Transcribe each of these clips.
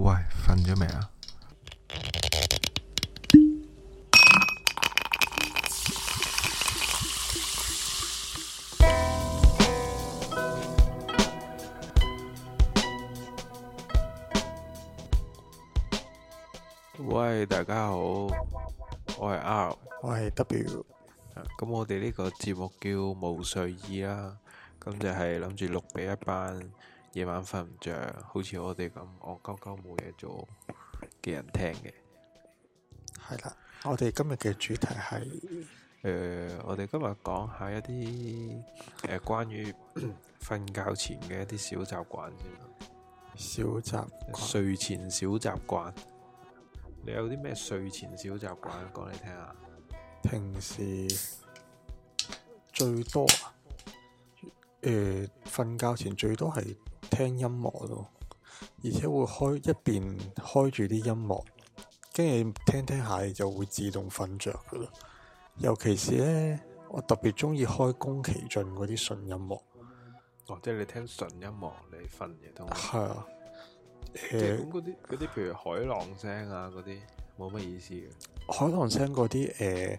喂，瞓咗未啊？喂，大家好，我係 R，我係 W。咁我哋呢個節目叫無睡意啦，咁就係諗住錄俾一班。夜晚瞓唔着，好似我哋咁，我鳩鳩冇嘢做嘅人聽嘅。係啦，我哋今日嘅主題係，誒、呃，我哋今日講下一啲誒、呃、關於瞓覺前嘅一啲小習慣先。小習睡前小習慣，你有啲咩睡前小習慣講嚟聽下？平時最多呀、誒呃、瞓覺前最多係。聽音樂咯，而且會開一邊開住啲音樂，跟住聽聽下，就會自動瞓着噶啦。尤其是咧，我特別中意開宮崎駿嗰啲純音樂。哦，即係你聽純音樂，你瞓嘢都係啊。誒、 呃，咁嗰啲嗰啲，譬如海浪聲啊，嗰啲冇乜意思嘅。海浪聲嗰啲誒，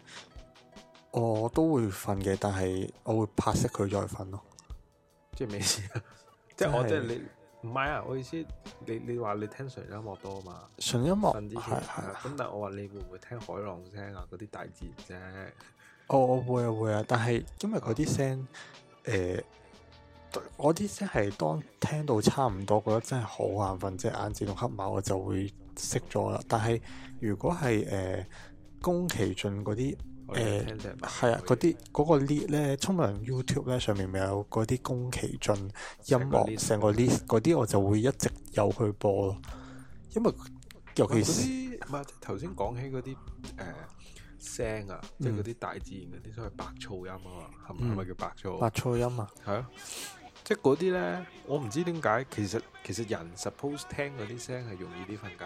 我都會瞓嘅，但係我會拍熄佢再瞓咯。即係咩事啊？ 即係我即係你唔係啊！我意思你你話你，你聽純音樂多啊嘛？純音樂係係咁，是是是，但係我話你會唔會聽海浪聲啊？嗰啲大自然啫。我、哦、我會啊會啊，但係因為佢啲聲誒，我、嗯、啲、呃、聲係當聽到差唔多，覺得真係好、就是、眼瞓，即係眼字同黑馬，我就會熄咗啦。但係如果係誒、呃、宮崎駿嗰啲。誒、欸，係啊，嗰啲嗰個 list 咧，沖涼 YouTube 咧上面咪有嗰啲宮崎駿音樂，成個 list 嗰啲我就會一直有去播咯。因為尤其是唔係頭先講起嗰啲誒聲啊，即係嗰啲大自然嗰啲所謂白噪音啊嘛，係、嗯、咪叫白噪？白噪音啊，係啊！即係嗰啲咧，我唔知點解，其實其實人 suppose 聽嗰啲聲係容易啲瞓覺噶，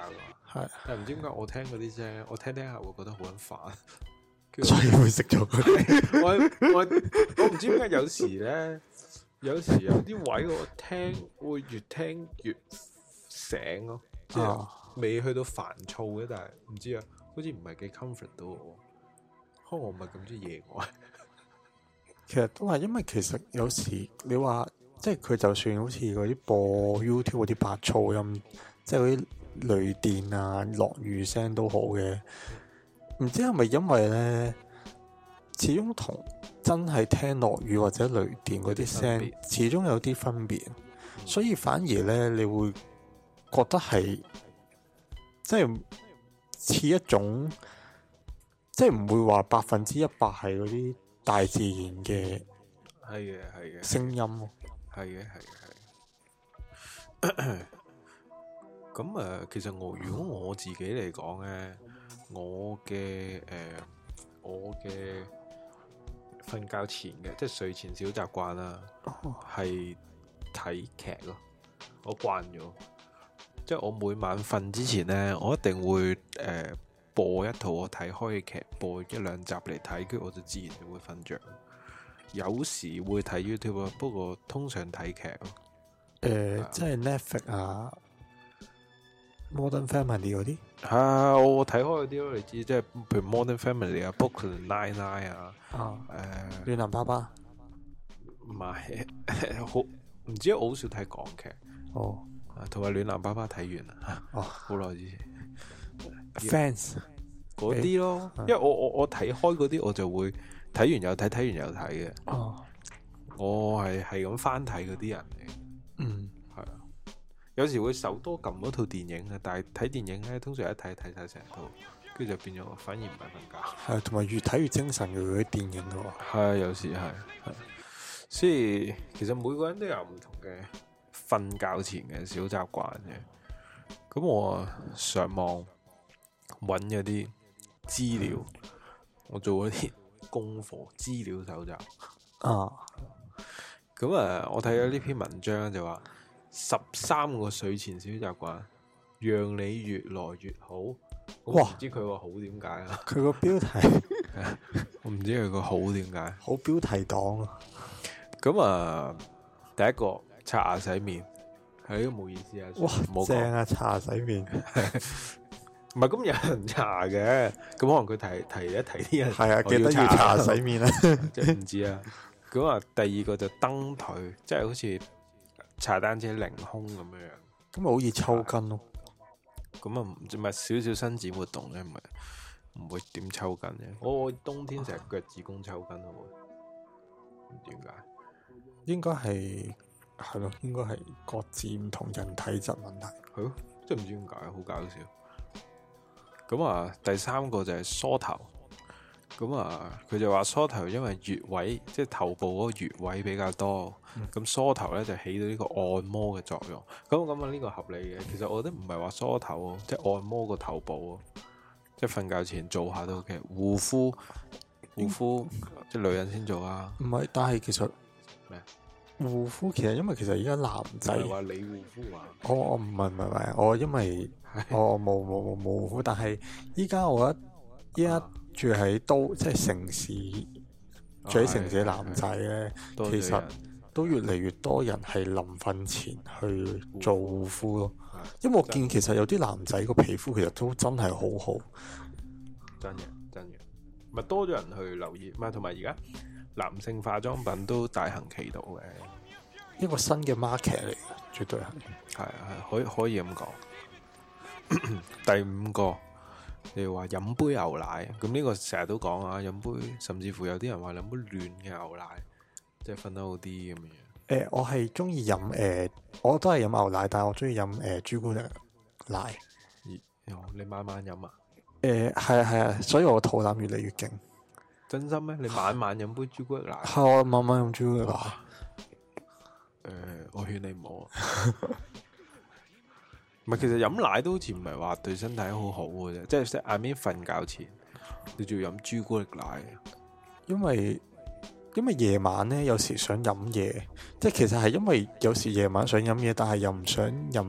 係，但係唔知點解我聽嗰啲聲，我聽聽下會覺得好撚煩。 這個，所以會食咗佢。我我我唔知點解有時咧，有時有啲位我聽會越聽越醒咯，啊，即、就、係、是啊啊，未去到煩躁嘅，但係唔知啊，好似唔係幾 comfort 到我。可能我唔係咁中意夜位。 其實都係，因為其實有時你話即係佢就算好似嗰啲播 YouTube 嗰啲白噪音，即係嗰啲雷電啊、落雨聲都好嘅。嗯唔知係咪因為咧，始終同真係聽落雨或者雷電嗰啲聲，始終有啲分別，嗯，所以反而咧你會覺得係，即係似一種，即係唔會話百分之一百係嗰啲大自然嘅，係嘅係嘅聲音係嘅係嘅係。咁誒， 其實我如果我自己嚟講咧。我嘅誒、呃，我嘅瞓覺前嘅，即係睡前小習慣啦，係、oh. 睇劇咯。我慣咗，即係我每晚瞓之前咧，我一定會誒、呃、播一套我睇開嘅劇，播一兩集嚟睇，跟住我就自然就會瞓着，有時會睇 YouTube 啊，不過通常睇劇咯。誒、uh, 嗯，即係 Netflix 啊。Modern Family 嗰、啊、啲，係我睇開嗰啲咯，你知即係譬如 Modern Family 啊，Brooklyn Nine-Nine 啊，誒、呃，暖男爸爸，唔 係，好唔知我好少睇港劇哦。同埋暖男爸爸睇完啦，哦，好耐之前。 啊、Fans 嗰啲咯，因為我我我睇開嗰啲，我就會睇完又睇，睇完又睇嘅。哦，我係係咁翻睇嗰啲人嚟。嗯。有時會手多撳多套電影啊，但係睇電影咧，通常一睇睇晒成套，跟住就變咗反而唔係瞓覺。係，同埋越睇越精神嘅電影嘅喎。係，有時係。係，所以其實每個人都有唔同嘅瞓覺前嘅小習慣嘅。咁我上網搵咗啲資料，我做咗啲功課資料搜集。啊。咁啊，我睇咗呢篇文章就話。十三個睡前小習慣，讓你越來越好。哇！唔知佢個好點解啊？佢個標題 我唔知佢個好點解。好標題黨啊。咁啊，第一個刷牙洗面係都冇意思啊！哇，正啊，刷牙洗面。唔係咁有人唔刷嘅，咁可能佢提提一提啲人係啊，記得要刷牙洗面 啊，即係唔知啊。咁啊，第二個就蹬腿，即係好似。踩單車凌空咁樣樣，咁咪好似抽筋咯？咁啊唔，唔係少少身子活動咧，唔係唔會點抽筋咧。我冬天成日腳趾公抽筋，好唔點解？應該係係咯，應該係各自唔同人體質問題。係咯，真唔知點解，好搞笑。咁啊，第三個就係梳頭。咁啊，佢就話梳頭，因為穴位即係、就是、頭部嗰個穴位比較多，咁、嗯、梳頭咧就起到呢個按摩嘅作用。咁咁啊，呢個合理嘅。其實我覺得唔係話梳頭，即、就、係、是、按摩個頭部，即係瞓覺前做下都得。護膚。護膚即係女人先做啊？唔係，但係其實咩？護膚其實因為其實而家男仔話、就是、你護膚啊？我我唔係唔係唔係，我因為我我冇冇冇護膚，但係依家我覺得依家。啊住喺都即係城市，住喺城市嘅男仔咧、哦，其實都越嚟越多人係臨瞓前去做護膚咯。因為我見其實有啲男仔個皮膚其實都真係好好，真嘅真嘅，咪多咗人去留意咪，同埋而家男性化妝品都大行其道嘅，一個新嘅 market 嚟，絕對係係係可可以咁講。 第五個。例如話飲杯牛奶，咁呢個成日都講啊，飲杯，甚至乎有啲人話飲杯暖嘅牛奶，即係瞓得好啲咁樣。誒、呃，我係中意飲誒，我都係飲牛奶，但係我中意飲誒朱古力奶。有，你慢慢飲啊？誒、呃，係啊係啊，啊，所以我肚腩越嚟越勁。真心咩？你晚晚飲杯朱古力奶？係、 啊、我晚晚飲朱古力奶。誒、 呃，我勸你唔好、啊。 唔係，其實飲奶都好似唔係話對身體好好嘅啫，即係喺邊瞓覺前，你仲要飲朱古力奶？因為因為夜晚咧，有時想飲嘢，即係其實係因為有時夜晚想飲嘢，但係又唔想飲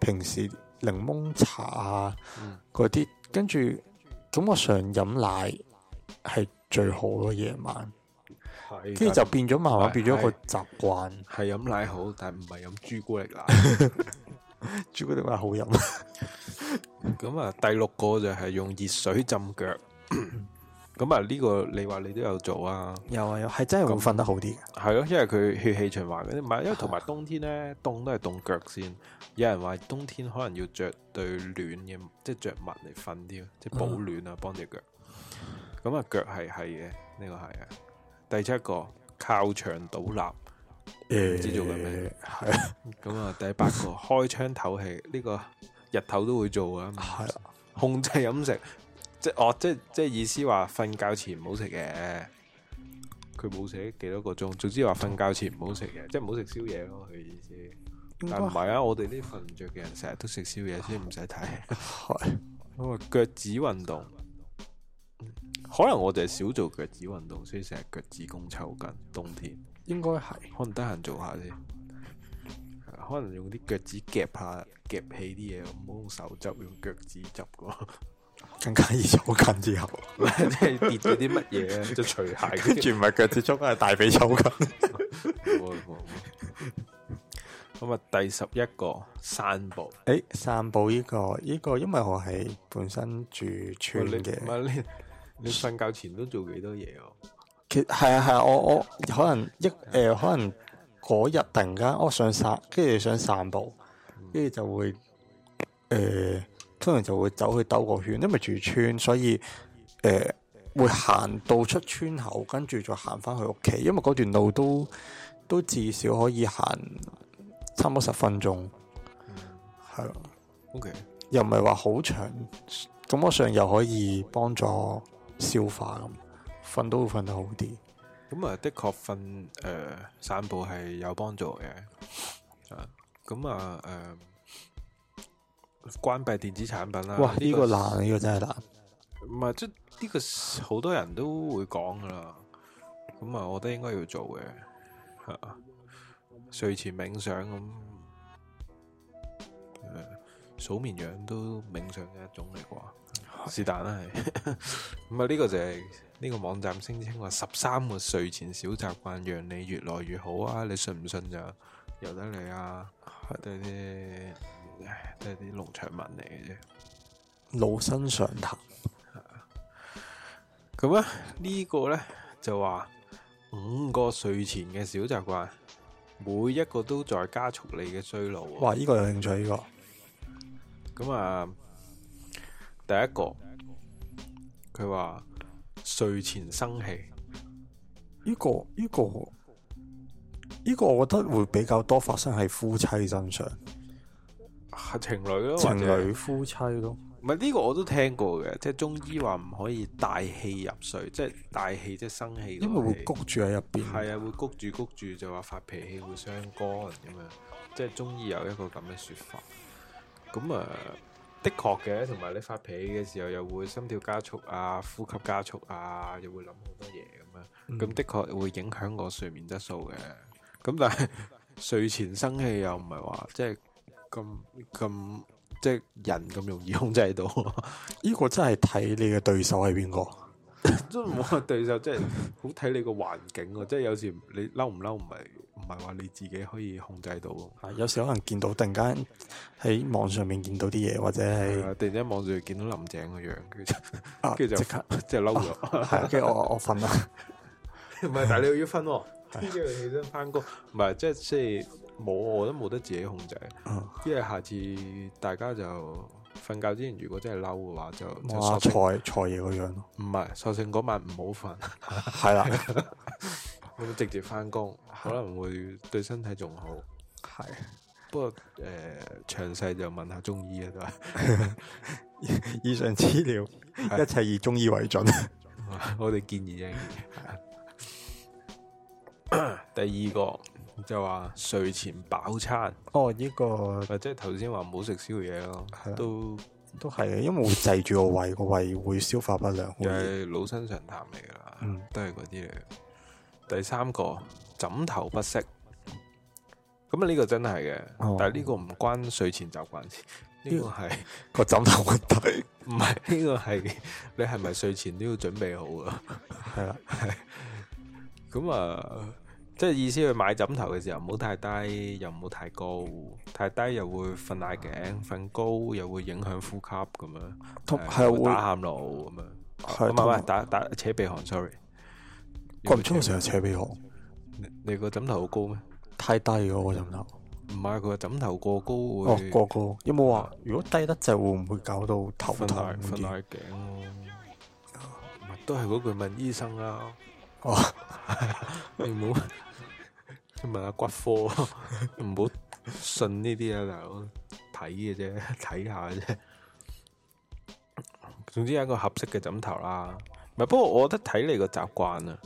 平時檸檬茶啊嗰啲，跟住咁我常飲奶係最好咯。夜晚，係，跟住就變咗慢慢變咗個習慣，係飲奶好，但唔係飲朱古力奶。 朱古力話好飲，咁 啊第六個就係用熱水浸腳，咁啊呢個你話你都有做啊？有啊有，係真係咁瞓得好啲，係咯、啊，因為佢血氣循環啲，唔係因為同埋冬天咧，凍都係凍腳先。 有人話冬天可能要着對暖嘅，即係着襪嚟,瞓啲，即係保暖啊，幫隻腳。咁啊，腳係係嘅，呢、呢個係啊。第七個靠牆倒立。唔知做緊咩？係、yeah, 啊、yeah, yeah, yeah. 嗯，咁、嗯、啊，嗯、 第八個開窗透氣，呢、這個日頭都會做啊。係、嗯、控制飲食，即係我、哦、即係即係意思話，瞓覺前唔好食嘢，佢冇寫幾多個鐘，總之話瞓覺前唔好食嘢，即係唔好食宵夜咯。佢意思，但唔係啊？我哋啲瞓唔着嘅人，成日都食宵夜，所以唔使睇。係咁啊，腳趾運動、嗯，可能我哋係少做腳趾運動，所以成日腳趾公抽筋。冬天。應該係，可能得閒做下先， 可能用啲腳趾夾下夾起啲嘢，唔好用手執，用腳趾執過， 更加易抽筋之後，即 係 跌咗啲乜嘢就除鞋，跟住唔係腳趾抽緊係大髀抽筋。咁 啊， 第十一個散步，誒、欸，散步呢個呢個，這個、因為我係本身住村嘅，唔、哦、係你你瞓覺前都做幾多嘢？ 係啊係啊，我我可能一誒，可能嗰日、呃、突然間我想散，跟住想散步，跟住就會誒、呃，通常就會走去兜個圈。因為住村，所以誒、呃、會行到出村口，跟住再行翻去屋企。因為嗰段路都都至少可以行差唔多十分鐘，係咯、啊。OK，又唔係話好長，咁我上又可以幫助消化咁。瞓都會瞓得好啲，咁啊的確瞓誒散步係有幫助嘅，啊咁啊誒關閉電子產品啦、啊，哇呢個難，呢個真係難，唔係即呢個好多人都會講噶啦，咁啊我覺得應該要做嘅，係啊睡前冥想咁，誒數綿羊都冥想嘅一種嚟啩，是但啦係，咁啊呢個就係、是。呢、個網站聲稱話十三個睡前小習慣，讓你越來越好啊！你信唔信就由得你啊。都係啲都係啲農場文嚟嘅啫，老生常談。咁咧呢個呢，就話五個睡前嘅小習慣，每一個都在加速你嘅衰老啊。哇！呢、個有興趣呢、個咁啊，第一個佢話。睡前生氣，呢個呢個呢個，這個這個，我覺得會比較多發生喺夫妻身上，係情侶咯，情侶夫妻咯，唔係呢個我都聽過嘅，即係中醫話唔可以大氣入睡，即係大氣即係生氣嘅氣，因為會谷住喺入邊，係啊，會谷住谷住就話發脾氣會傷肝咁樣，即係中醫有一個咁嘅說法。咁啊。Uh, 的確嘅，同埋你發脾氣嘅時候又會心跳加速啊，呼吸加速啊，又會諗好多嘢咁樣，咁、嗯、的確會影響我睡眠質素嘅。咁但係睡前生氣又唔係話即係咁咁即係人咁容易控制到，呢、呢個真係睇你嘅對手係邊個。都、嗯、冇 對手即係好睇你個環境即係 有時你嬲唔嬲唔係唔係話你自己可以控制到啊。有時可能見到突然間喺網上面見到啲嘢，或者係突然間網上見到林鄭個樣，跟住就即刻即係嬲咗。係啊，跟住、啊、我我瞓啦。唔 係不是， 但你要瞓、啊。呢樣嘢都翻工，唔係即係即係冇，我都冇得自己控制。嗯，因為下次大家就。瞓覺之前如果真係嬲嘅話，就我錯錯嘢嗰樣咯。唔係，索性嗰晚唔好瞓。係啦，咁 直接翻工，可能會對身體仲好。係，不過誒，詳、呃、細就問下中醫啦。 以上資料，一切以中醫為準。 我哋建議啫。議 第二個。就話睡前飽餐哦，呢、呢個或者頭先話唔好食宵夜咯，都都係，因為會滯住個胃，個胃會消化不良，就係、是、老生常談嚟噶啦，嗯、都係嗰啲嚟。第三個枕頭不適，咁啊呢個真係嘅，哦、但係呢個唔關睡前習慣事，呢、哦、個係、個枕頭問題唔係，唔係呢個係你係咪睡前都要準備好㗎係喇係啊？係啦，咁啊。即係意思去買枕頭嘅時候，唔好太低，又唔好太高。太低又會瞓捩頸，瞓、嗯、高又會影響呼吸咁樣，同、嗯、係、嗯、會打喊路咁樣。係唔係打、哦哦、打，打，打，打扯鼻鼾？Sorry，我通常成日扯鼻鼾。你個枕頭好高咩？太低個枕頭。唔係佢個枕頭過高會。哦，過高。有冇話、嗯、如果低得滯會唔會搞到頭痛？瞓捩頸。都係嗰句問醫生啦、啊。哦， 你冇沒有。 問下、啊、骨科，唔好信呢啲啊，睇嘅啫，睇下嘅啫。總之有一個合適嘅枕頭啦。唔係，不過我覺得睇你個習慣啊。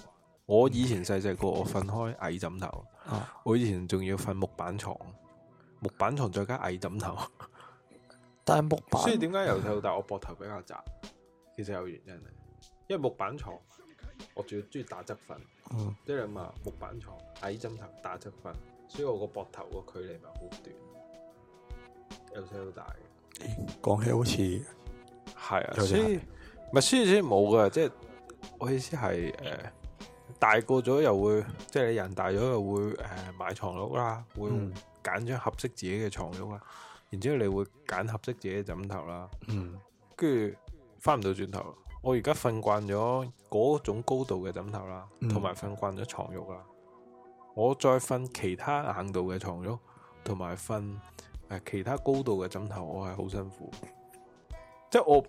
我以前細細個，我瞓開矮枕頭，我以前仲要瞓木板床，木板床再加矮枕頭。但係木板，所以點解由細到大我膊頭比較窄？其實有原因嘅，因為木板床。我仲要中意打側瞓，嗯，即係咁啊，木板床，矮枕頭打側瞓，所以我個膊頭個距離咪好短，由細到大，嗯。講起好似係，嗯、啊，所以唔係，所以先冇㗎，即係，就是，我意思係誒，呃、大個咗又會，即，就，係，是、人大咗又會誒，呃、買床褥啦，會揀張合適自己嘅床褥啦，然之後你會揀合適自己嘅枕頭啦，嗯，跟住翻唔到轉頭了。我而家瞓慣咗嗰種高度嘅枕頭啦，同埋瞓慣咗床褥啦。我再瞓其他硬度嘅床褥，同埋瞓誒其他高度嘅枕頭，我係好辛苦。即係我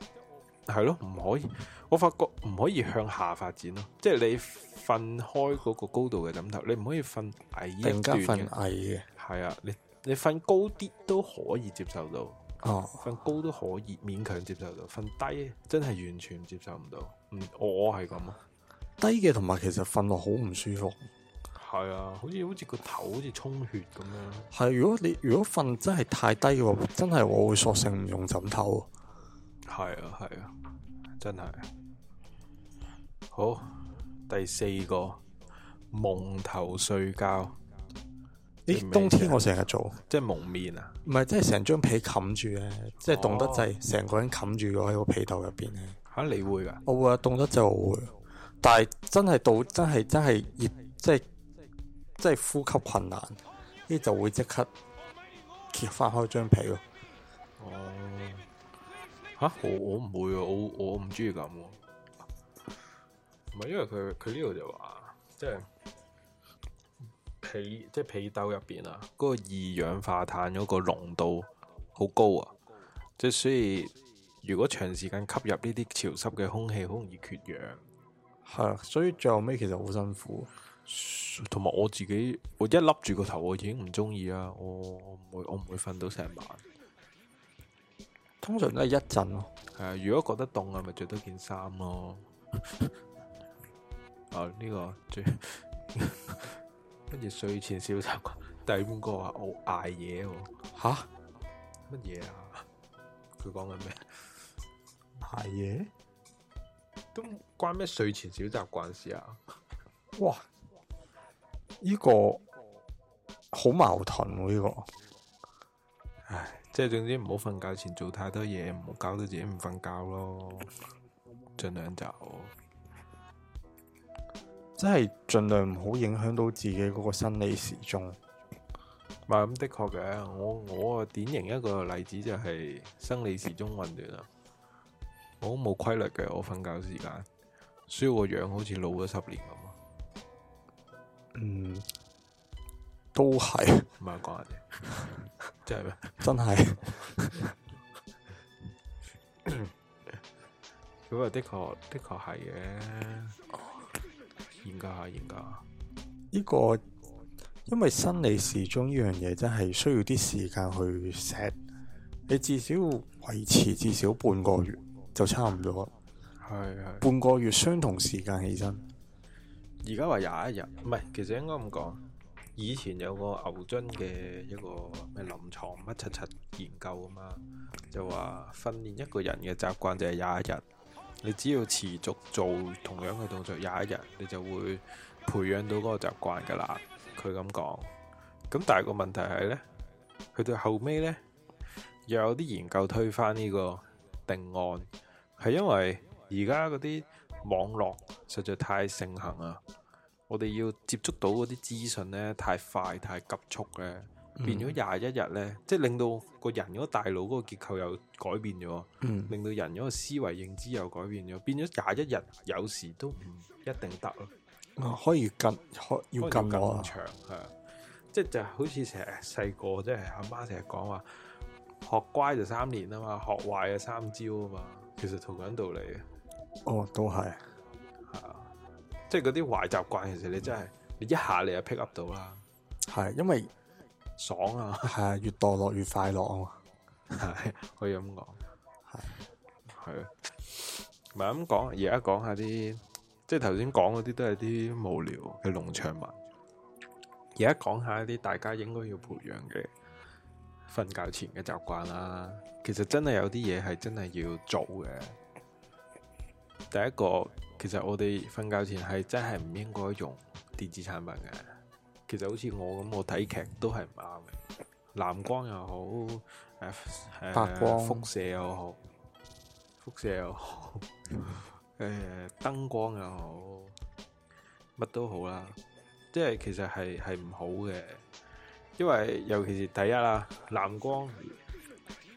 係咯，唔可以。我發覺唔可以向下發展咯。即係你瞓開嗰個高度嘅枕頭，你唔可以瞓矮一段嘅。瞓矮嘅係啊，你你瞓高啲都可以接受到。哦、啊，瞓高都可以勉強接受到，瞓低真係完全接受唔到。嗯，我係咁啊，低嘅同埋其實瞓落好唔舒服。係啊，好似好似個頭好似充血咁樣。係啊，如果你如果瞓真係太低嘅話，真係我會索性唔用枕頭。係啊係啊，真係。好，第四個蒙頭睡覺。冬天我成日做，即係蒙面啊？唔係，即係成張被冚住咧，即係凍得滯，成、哦、個人冚住咗喺個被竇入邊咧。吓、啊，你會噶？我會啊，凍得滯我會，但係真係到真係真係熱，即係即係呼吸困難，呢就會即刻揭翻開張被咯。哦，吓，我我唔會啊，我我唔中意咁。唔係因為佢佢呢度就話，即係。被即係被兜入邊啊，嗰、嗰個二氧化碳嗰個濃度好高啊，即係所以如果長時間吸入呢啲潮濕嘅空氣，好容易缺氧。係啊，所以最後尾其實好辛苦，同埋我自己，我一笠住個頭，我已經唔中意啊。我我唔會我唔會瞓到成晚，通常都係一陣咯。係、嗯、啊，如果覺得凍啊，咪着多件衫咯。啊 呢、哦這個最。 跟住睡前小習慣，第五個、哦、啊，我挨夜喎，吓乜嘢啊？佢講緊咩挨夜？都關咩睡前小習慣事啊？哇！呢、這個好矛盾喎、啊、呢、這個，唉，即係總之唔好瞓覺前做太多嘢，唔好搞到自己唔瞓覺咯，盡量就。真係盡量唔好影響到自己嗰個生理時鐘，嘛咁的確嘅。我我啊典型一個例子就係生理時鐘混亂啊，我冇規律嘅我瞓覺的時間，所以我個樣好老似老咗十年咁啊。嗯，都係唔係啩？真係咩？真 係。咁 啊的確的確係嘅。嚴格下，嚴格下。呢個因為生理時鐘呢樣嘢真係需要啲時間去 set，你至少維持至少半個月就差唔多。係係。半個月相同時間起身。而家話廿一日，唔係，其實應該咁講。以前有個牛津嘅一個咩臨床乜七七研究啊嘛，就話訓練一個人嘅習慣就係廿一日。你只要持續做同樣嘅動作廿一日，你就會培養到嗰個習慣㗎喇。佢咁講。咁但係個問題係呢，去到後尾呢又有啲研究推翻呢個定案，係因為而家嗰啲網絡實在太盛行啊！我哋要接觸到嗰啲資訊呢太快太急速嘅。變咗廿一日咧，即係令到個人嗰個大腦嗰個結構又改變咗，令、嗯、到人嗰個思維認知又改變咗。變咗廿一日，有時都唔一定得咯、啊。可以近，要近喎。長係，即係就好似成日細個，即係阿媽成日講話，學乖就三年啊嘛，學壞就三招啊嘛。其實同樣道理嘅。哦，都係，係啊，即係嗰啲壞習慣，其實你真係、嗯、你一下你就 pick up 到啦。係，因為。爽啊！係啊，越墮落越快樂啊嘛，係 可以咁講，係係咯，唔係咁講，而家講下啲，即係頭先講嗰啲都係啲無聊嘅農場文。而家講下啲大家應該要培養嘅瞓覺前嘅習慣啦。其實真係有啲嘢係真係要做嘅。第一個，其實我哋瞓覺前係真係唔應該用電子產品嘅。其實好似我咁，我睇劇都係唔啱嘅。藍光又好，誒，白光，輻射又好，輻射又好，誒，燈光又好，乜都好啦。即係其實係係唔好嘅，因為尤其是第一啦，藍光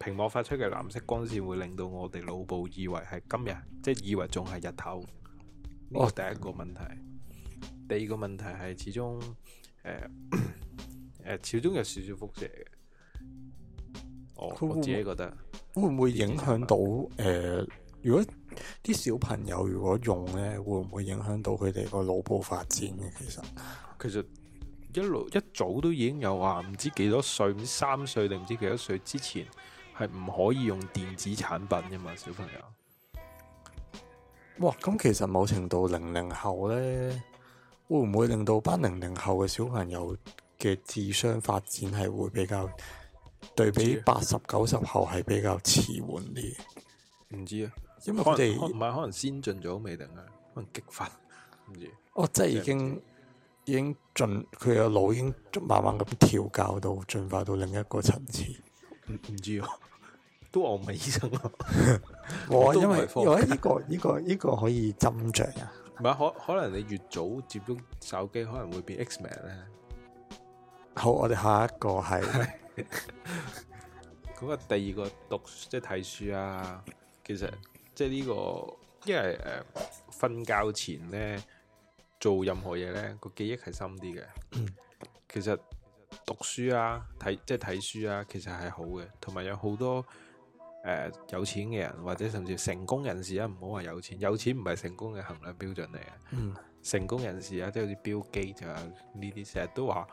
屏幕發出嘅藍色光線會令到我哋腦部以為係今日，即係以為仲係日頭。呢個，第一個問題，第二個問題係始終。誒、uh, 誒， uh, 始終有少少輻射嘅。哦、oh，我自己覺得會唔會影響到誒、呃？如果啲小朋友如果用咧，會唔會影響到佢哋個腦部發展嘅？其實其實一路一早都已經有話，唔知幾多歲，唔知三歲定唔知幾多歲之前係唔可以用電子產品嘅嘛？小朋友。哇！咁其實某程度零零後咧。會唔會令到班零零後嘅小朋友嘅智商發展係會比較對比八十九十後係比較遲緩啲？唔知啊，因為佢哋唔係可能先進咗未定啊，可能激發唔知。哦，即係已經已經進佢個腦已經慢慢咁調教到進化到另一個層次。唔知啊，都我唔係醫生啊、 哦。我因為因為呢個呢個呢個可以斟酌。啊。唔係可可能你越早接觸手機可能會變 Xman 咧。好，我哋下一個係咁 個第二個讀即係睇書啊。其實即係呢個，因為誒瞓、呃、覺前咧做任何嘢咧個記憶係深啲嘅、嗯。其實讀書啊，睇即係睇書啊，其實係好嘅，同埋有好多。誒、呃，有錢嘅人或者甚至成功人士啊，唔好話有錢，有錢唔係成功嘅衡量標準嚟嘅。嗯，成功人士好 Bill Gates 啊，即係啲 Bill Gates 就呢啲，成日都話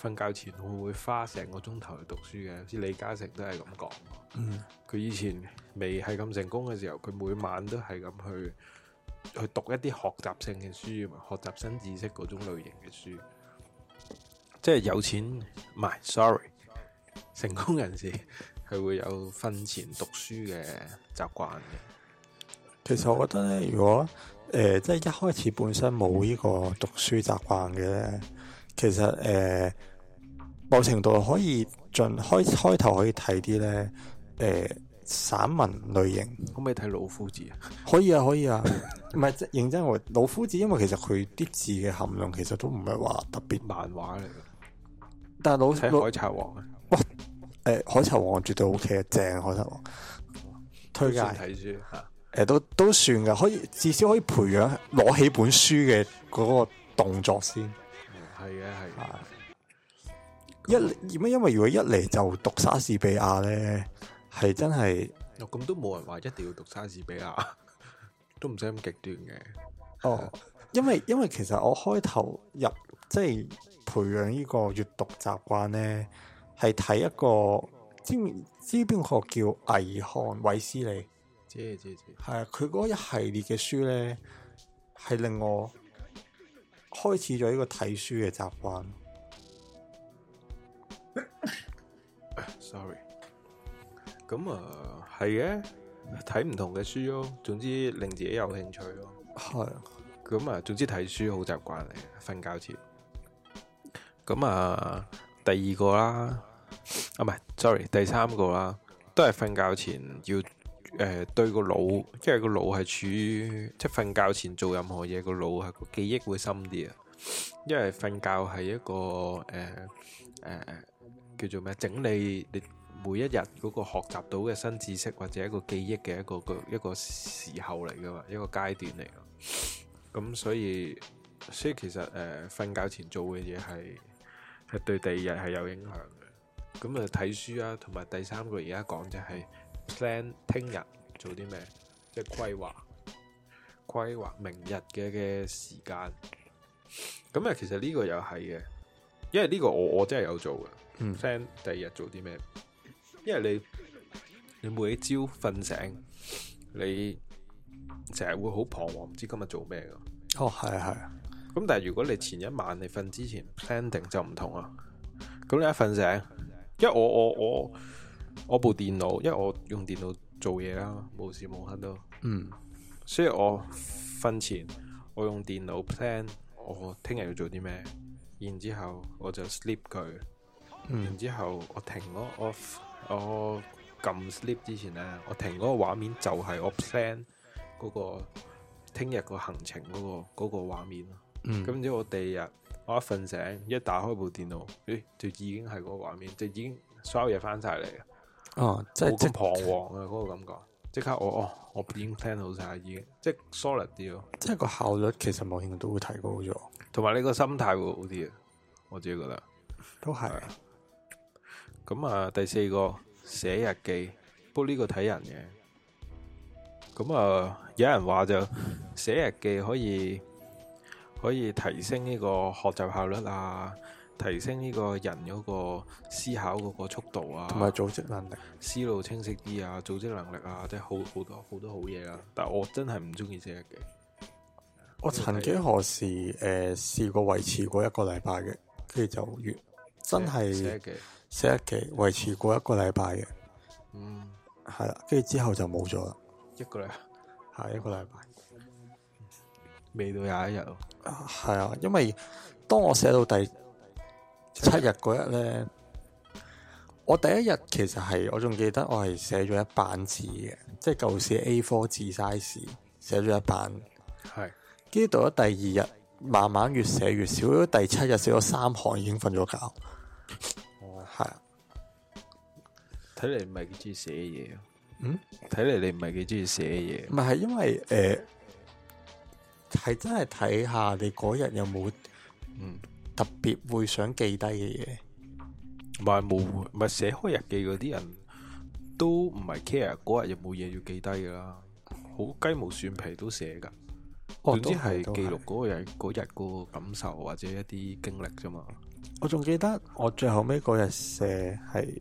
瞓覺前會唔會花成個鐘頭去讀書嘅？好似李嘉誠都係咁講。嗯，佢以前未係咁成功嘅時候，佢每晚都係咁去去讀一啲學習性嘅書，學習新知識嗰種類型嘅書。嗯、即係有錢，唔、嗯、係 Sorry,，sorry，成功人士。佢會有瞓前讀書嘅習慣嘅。其實我覺得咧，如果誒、呃、即係一開始本身冇呢個讀書習慣嘅咧，其實誒、呃、某程度可以盡開開頭可以睇啲咧，誒、呃、散文類型可唔可以睇《老夫子》啊？可以啊，可以啊。唔 係，認真我《老夫子》，因為其實佢啲字嘅含量其實都唔係話特別漫畫嚟嘅。但係老海老海賊王啊！誒、呃，海賊王絕對 OK 啊，正海賊王，推介。睇書吓，誒、啊呃，都都算噶，可以至少可以培養攞起本書嘅嗰個動作先。係、嗯、嘅，係、啊。一因為如果一嚟就讀莎士比亞咧，係真係，咁、哦、都冇人話一定要讀莎士比亞， 都唔使咁極端嘅。哦， 因為因為其實我開頭入即係培養呢個閱讀習慣咧。係睇一個知名知邊個叫魏漢、韋斯利，知知知，係啊！佢嗰一系列嘅書咧，係令我開始咗呢個睇書嘅習慣。 哎、Sorry，咁啊，係嘅，睇唔同嘅書咯，總之令自己有興趣咯。係啊，咁啊，總之睇書好習慣嚟，瞓覺前。咁啊～第二個啦，啊唔係，sorry，第三個啦，都係瞓覺前要誒、呃、對個腦，因為個腦係處於即係瞓覺前做任何嘢、個腦係、個記憶會深啲啊，因為瞓覺係一個誒誒、呃呃、叫做咩整理你每一日嗰個學習到嘅新知識或者一個記憶嘅一個個一個時候嚟噶嘛，一個階段嚟噶，咁所以所以其實誒瞓、呃、覺前做嘅嘢係。對第二日係有影響嘅，咁啊睇書啊，同埋第三個而家講就係 plan 聽日做啲咩，即係規劃，規劃明日嘅嘅時間。咁啊，其實呢個又係嘅，因為呢個我我真係有做嘅。嗯，plan 第二日做啲咩？因為你你每一朝瞓醒，你成日會好彷徨，唔知今日做咩嘅。哦，係啊，係啊。咁但係如果你前一晚你瞓之前 plan 定就唔同啊！咁你一瞓醒，因為我我我我部電腦，因為我用電腦做嘢啦，無時無刻都，嗯，所以我瞓前我用電腦 plan 我聽日要做啲咩，然之後我就 sleep 佢，嗯，然之後我停咯，我 f, 我撳 sleep 之前咧，我停嗰個畫面就係我 plan 嗰個聽日個行程嗰個嗰個畫面。咁、嗯、之後我第二日，我一瞓醒一打開部電腦，誒，就已經係嗰個畫面，就已經所有嘢翻晒嚟嘅。哦，即係咁彷徨嘅嗰個感覺，即刻我哦，我已經聽到晒已經，即係 solid 啲咯。即係個效率其實冇線都會提高咗，同埋你個心態會好啲啊，我自己覺得，都係，咁啊，第四個寫日記，不過呢個睇人嘅，咁啊、呃，有人話就寫日記可以。嗯可以提升呢個學習效率啊，提升呢個人嗰個思考嗰個速度啊，同埋組織能力，思路清晰啲啊，組織能力啊，即係好好多好多好嘢啊。但我真係唔中意寫日記。我曾幾何時誒試過維持過一個禮拜嘅，跟住就完，真係寫日記，寫日記維持過一個禮拜嘅，嗯，係啦，跟住之後就冇咗啦，一個禮拜，下一個禮拜。嗯未到廿一日，係啊，因為當我寫到第七日嗰日咧，我第一日其實係我仲記得我係寫咗一版字嘅，即係舊時 A four 紙 size 寫咗一版，係。跟住到咗第二日，慢慢越寫越少，到第七日寫咗三行已經瞓咗覺。哦，係啊，睇嚟唔係幾中意寫嘢。嗯，睇嚟你唔係幾中意寫嘢。唔係，係因為誒。呃係真係睇下你嗰日有冇，嗯，特別會想記低嘅嘢。唔係冇，唔係寫開日記嗰啲人都唔係 care。嗰日有冇嘢要記低㗎喇？好雞毛蒜皮都寫㗎。總之係記錄嗰日嗰日個感受或者一啲經歷啫嘛。我仲記得我最後尾嗰日寫係，誒、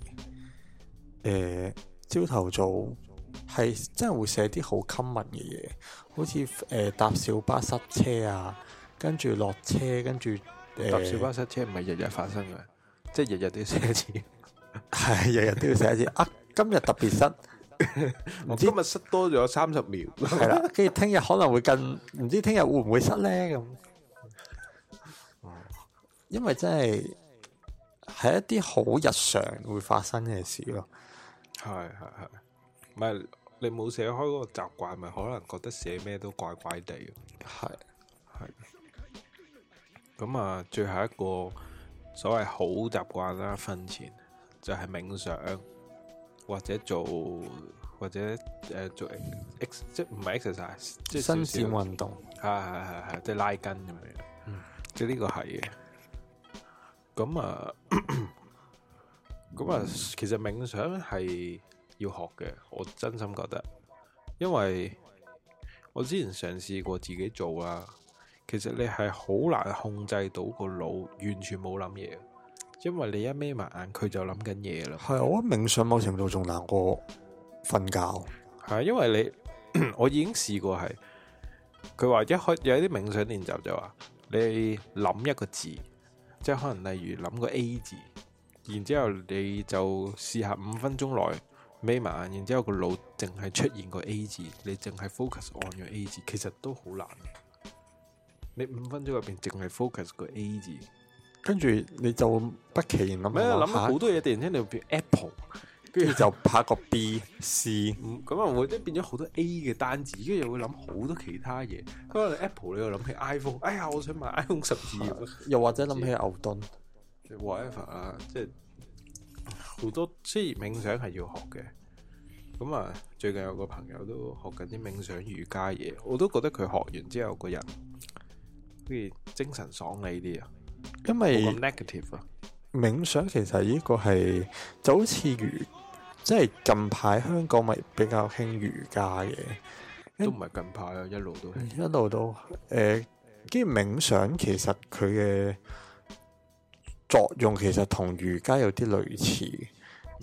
嗯，朝、呃、頭早。係真係會寫啲好 common 嘅嘢，好似誒、呃、搭小巴塞車啊，跟住落車，跟住、呃、搭小巴塞車唔係日日發生嘅， 即係日日都要寫一次。係日日都要寫一次，啊今日特別塞，唔 知我今日塞多咗三十秒，係 啦，跟住聽日可能會更，唔知聽日會唔會塞咧咁。因為真係係一啲好日常會發生嘅事咯。係係係，唔係。是的是的你冇寫開嗰個習慣，咪可能覺得寫咩都怪怪地。係係。咁啊，最後一個所謂好習慣啦，瞓前就係冥想，或者做或者誒做 ex 即係唔係 exercise，即係伸展運動。係係係係，即係拉筋咁樣。嗯，即係呢個係嘅。咁啊，咁啊，其實冥想係。要學嘅，我真心覺得，因為我之前嘗試過自己做啊。其實你係好難控制到個腦，完全冇諗嘢，因為你一眯埋眼，佢就諗緊嘢啦。係我冥想某程度仲難過瞓覺，係啊，因為你我已經試過係佢話一開有一啲冥想練習就話你諗一個字，即係可能例如諗個 A 字，然之後你就試下五分鐘內。眯埋眼，然之後個腦淨係出現個 A 字，你淨係 focus on 個 A 字，其實都好難。你五分鐘入邊淨係 focus 個 A 字，跟住你就不期然諗諗好多嘢，突然間你會變 Apple，跟住就拍個 B、 嗯、C，咁啊會即係變咗好多 A 嘅單字，跟住又會諗好多其他嘢。咁啊 Apple 你又諗起 iPhone，哎呀我想買 iPhone 十二，又或者諗起牛頓，whatever 啊即係。好多，雖然冥想係要學嘅。咁啊，最近有個朋友都學緊啲冥想瑜伽嘢，我都覺得佢學完之後個人好似精神爽利啲啊。因為 negative 啊，冥想其實呢個係就好似瑜，即係近排香港咪比較興瑜伽嘅，都唔係近排啊，一路都一路都誒。呃、跟住冥想其實佢嘅作用其實同瑜伽有啲類似。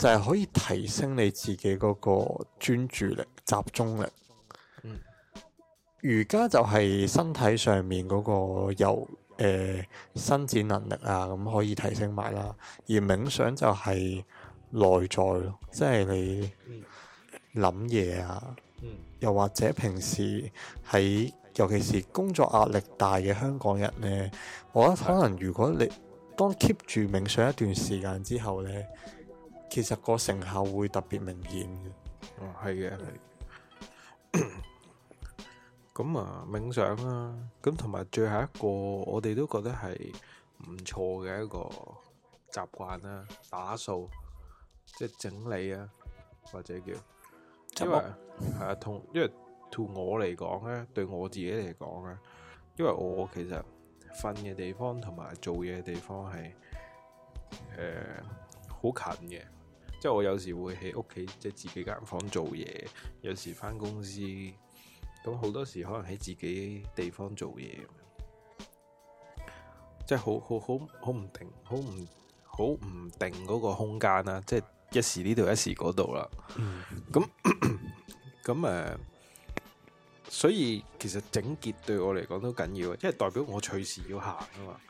就係可以提升你自己嗰個專注力、集中力。瑜伽就係身體上面嗰個有、呃、伸展能力啊，咁可以提升埋啦。而冥想就係內在咯，即係你諗嘢啊、嗯，又或者平時喺尤其是工作壓力大嘅香港人咧，我覺得可能如果你當 keep 住冥想一段時間之後咧。其實個成效會特別明顯嘅，哦，係嘅，咁啊冥想啦，咁同埋最後一個，我哋都覺得係唔錯嘅一個習慣啦，打掃即係整理啊，或者叫，即係係啊，同因為，對我嚟講咧，對我自己嚟講咧，因為我其實瞓嘅地方同埋做嘢嘅地方係誒好近嘅。即係我有時會喺屋企，即係自己間房做嘢；有時返公司，咁好多時可能喺自己地方做嘢。即係好好好好唔定，好唔好唔定嗰個空間啦。即係一時呢度，一時嗰度啦。咁咁誒，所以其實整潔對我嚟講都緊要，即係代表我隨時要行啊嘛。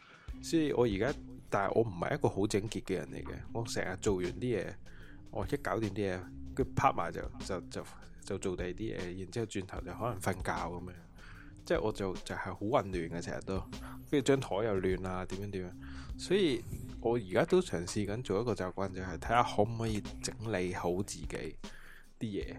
所以我而家，但係我唔係一個好整潔嘅人嚟嘅，我成日做完啲嘢。我、哦、一搞掂啲嘢，跟拍埋就就就就做第二啲嘢，然之後轉頭就可能瞓覺咁樣，即係我做就係好、就係、混亂嘅，成日都，跟住張台又亂啊，點樣點樣，所以我而家都嘗試緊做一個習慣，就係睇下可唔可以整理好自己啲嘢。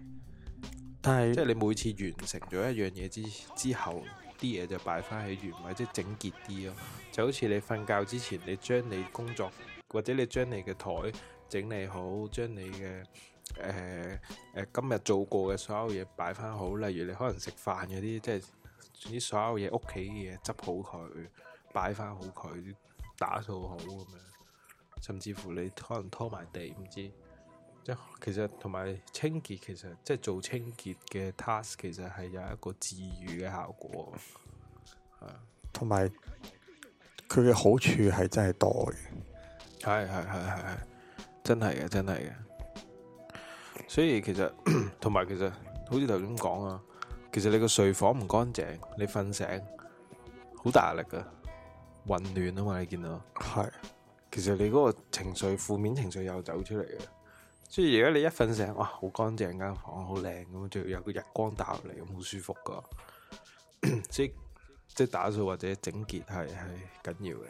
但係即係你每次完成咗一樣嘢之之後，啲嘢就擺翻喺原位，即係整潔啲咯。就好似你瞓覺之前，你將你工作或者你將你嘅台，整理好，將你嘅誒誒今日做過嘅所有嘢擺翻好，例如你可能食飯嗰啲，即係啲所有嘢屋企嘅嘢，執好佢，擺翻好佢，打掃好咁樣，甚至乎你可能拖埋地，唔知即係其實同埋清潔，其實,其實即係做清潔嘅 task，其實係有一個治愈嘅效果，係，同埋佢嘅好處係真係多嘅，係係係係。真係嘅，真係嘅。所以其實同埋 其實，好似頭先講啊，其實你個睡房唔乾淨，你瞓醒好大壓力噶混亂啊嘛。你見到係，其實你嗰個情緒負面情緒又走出嚟嘅。所以而家你一瞓醒，哇，好乾淨間房，好靚咁，就有個日光打落嚟，咁好舒服噶。 所以即係、即係、打掃或者整潔係係緊要嘅，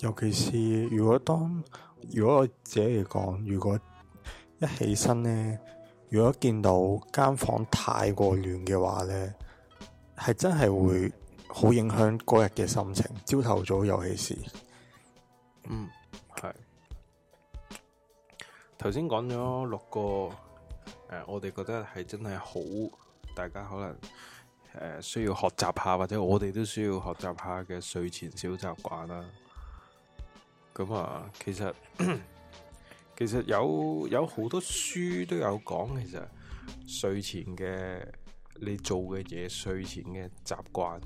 尤其是如果當。如果我自己嚟講，如果一起身呢，如果見到間房太過亂嘅話呢，係真係會好影響嗰日嘅心情。朝頭早，尤其是，嗯，係。頭先講咗六個，呃、我哋覺得係真係好，大家可能誒、呃、需要學習下，或者我哋都需要學習下嘅睡前小習慣啦、啊。咁啊，其實咳咳，其實有有好多書都有講，其實睡前嘅你做嘅嘢，睡前嘅習慣，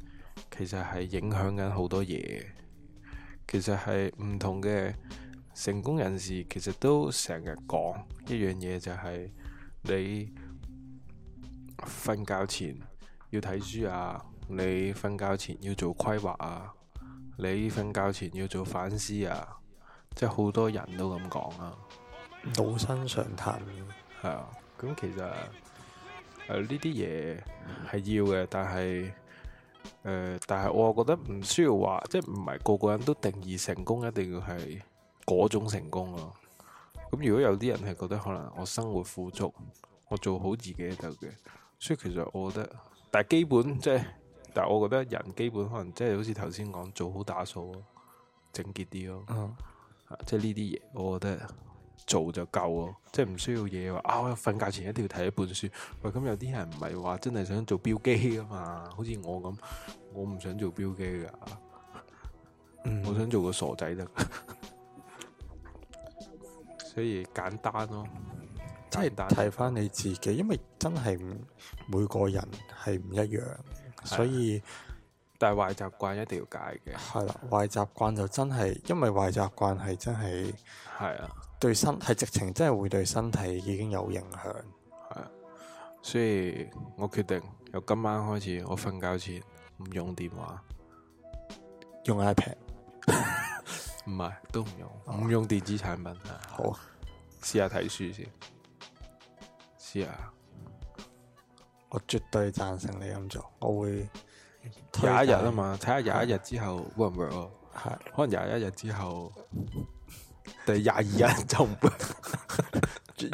其實係影響緊好多嘢。其實係唔同嘅成功人士，其實都成日講一樣嘢，就係你瞓覺前要睇書啊，你瞓覺前要做規劃啊。你瞓覺前要做反思啊，即係好多人都咁講啊，老生常談。係啊，咁其實誒呢啲嘢係要嘅，但係誒、呃、但係我又覺得唔需要話，即係唔係個個人都定義成功一定要係嗰種成功囉。咁如果有啲人係覺得可能我生活富足，我做好自己就得嘅，所以其實我覺得，但係基本即係。但係，我覺得人基本可能即係，好似頭先講做好打掃咯，整潔啲咯，即係呢啲嘢，啊即係、我覺得做就夠咯、啊，即係唔需要嘢話啊。我瞓覺前一定要睇一本書。喂，咁有啲人唔係話真係想做標機噶嘛？好似我咁，我唔想做標機噶，我想做個傻仔得， 所以簡單咯、啊，即係睇返你自己，因為真係每個人係唔一樣的。所以，啊、但係壞習慣一定要戒嘅。係啦、啊，壞習慣就真係，因為壞習慣係真係，係啊，對身係直情真係會對身體已經有影響。係啊，所以我決定由今晚開始，我瞓覺前唔用電話，用 iPad，唔係 都唔用，唔、嗯、用電子產品啊。好，試下睇書先，試下。我絕對贊成你咁做，我會廿一日啊嘛，睇下廿一日之後會唔會哦？係，可能廿一日之後，第廿二日就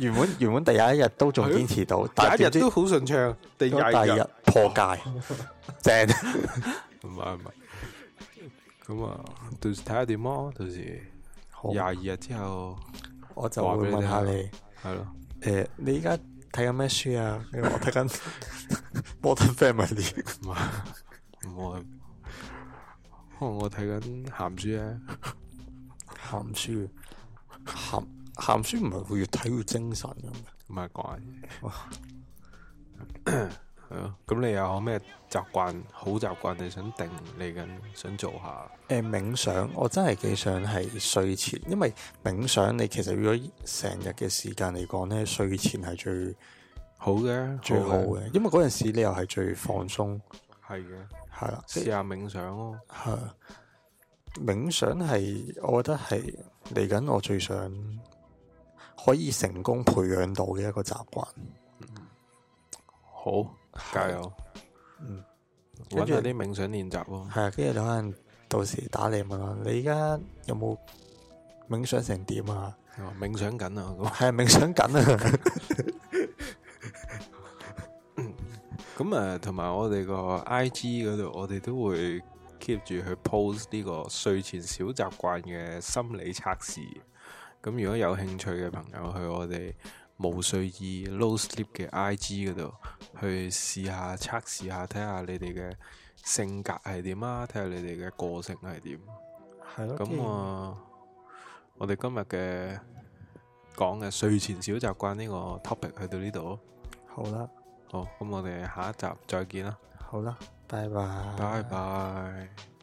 原本原本第一日都仲堅持到，第一日都好順暢，第廿二日破戒，正唔係唔係？咁啊，到時睇下點啊，到時廿二日之後，我就會問下你，係咯？誒，你而家。睇緊咩書啊？你話我睇緊 modern family 啲唔係，可能我睇緊鹹書咧。鹹書鹹鹹書唔係會越睇越精神嘅咩？唔係講下嘢。 係、嗯、咁你有咩習慣，好習慣你想定嚟緊想做下？誒、呃，冥想我真係幾想係睡前，因為冥想你其實如果成日嘅時間嚟講呢，睡前係最好嘅，最好嘅，因為嗰陣時你又係最放鬆。係嘅，係啦，試下冥想咯，哦。係冥想係，我覺得係嚟緊我最想可以成功培養到嘅一個習慣，嗯。好。加油，嗯，搵下啲冥想練習咯。係啊，跟住可能到時打你問，你而家有冇冥想成點啊？哦，冥想緊啊，係啊，冥想緊啊。咁啊，同埋我哋個 I G 嗰度，我哋都會 keep 住去 post 呢個睡前小習慣嘅心理測試。咁如果有興趣嘅朋友，去我哋。無睡意，No Sleep 嘅 IG 嗰度，去試下測試下，睇下你哋嘅性格係點啊，睇下你哋嘅個性係點。係咯。咁 啊，我哋今日嘅講嘅睡前小習慣呢個 topic 去到呢度囉。好啦。好，咁我哋下一集再見啦。好啦，拜拜。拜拜。